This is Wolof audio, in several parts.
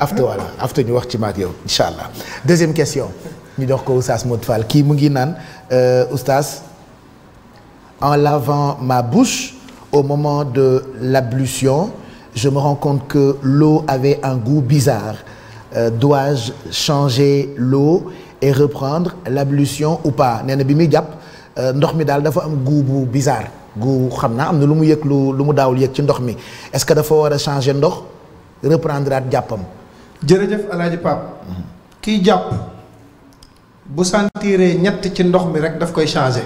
after voilà after ñu wax ci maak yow incha deuxième question ñu dox ko oustaz Modou Fall kii mu ngi naan euh, oustaz en lavant ma bouche au moment de l'ablution je me rends compte que l'eau avait un goût bizarre euh, dois-je changer l'eau et reprendre l'ablution ou pas nee na bi muy jàpp euh, ndox mi daal dafa am goût bu bizarre goût xam naa am na lu mu yëg lu lu mu daawul yëg ci ndox mi est-ce que dafa war a changer ndox reprendre at jàppam. jërëjëf El Hadj Pape. kiy jàpp bu sentiree ñett ci ndox mi rek daf koy changé.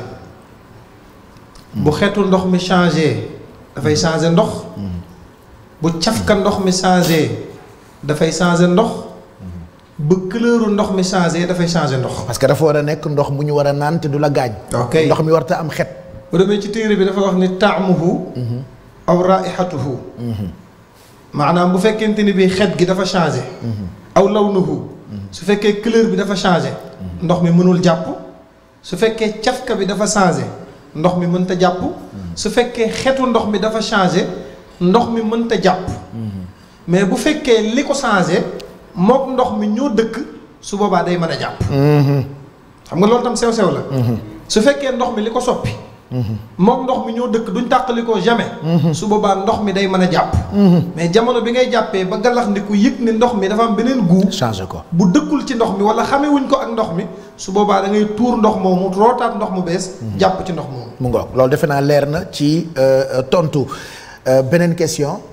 bu xeetu ndox mi changé dafay changé ndox. bu cafka ndox mi changé dafay changé ndox. bu couleuru ndox mi changer dafay changé ndox. parce que dafa war a nekk ndox mu ñu war a naan te du la gaañ. ok ndox mi warta am xet. bu demee ci téere bi dafa wax ni taamuhu. aw raihatuhu maanaam bu fekkente ni bii xet gi dafa changé mhm. aw lawnuhu mhm. su fekkee couleur bi dafa changé mhm. ndox mi mënul jàpp su fekkee cafka bi dafa changé ndox mi mënta jàpp su fekkee xetu ndox mi dafa changé ndox mi mënta jàpp mais bu fekkee li ko changé mook ndox mi ñoo dëkk su boobaa day mën a jàpp xam nga loolu tam sew sew la su fekkee ndox mi li ko soppi moom ndox mi ñoo dëkk duñ tàqalikoo jamais mhm. su boobaa ndox mi day mën a jàpp mhm. mais jamono bi ngay jàppee ba galax ndiku yëg ne ndox mi dafa am beneen goût changé ko bu dëkkul ci ndox mi wala xamewuñ ko ak ndox mi su boobaa da ngay tuur ndox moomu rootaat ndox mu bees mhm. jàpp ci ndox moomu mu ngoog loolu defe naa leer na ci euh, euh, tontu euh, beneen question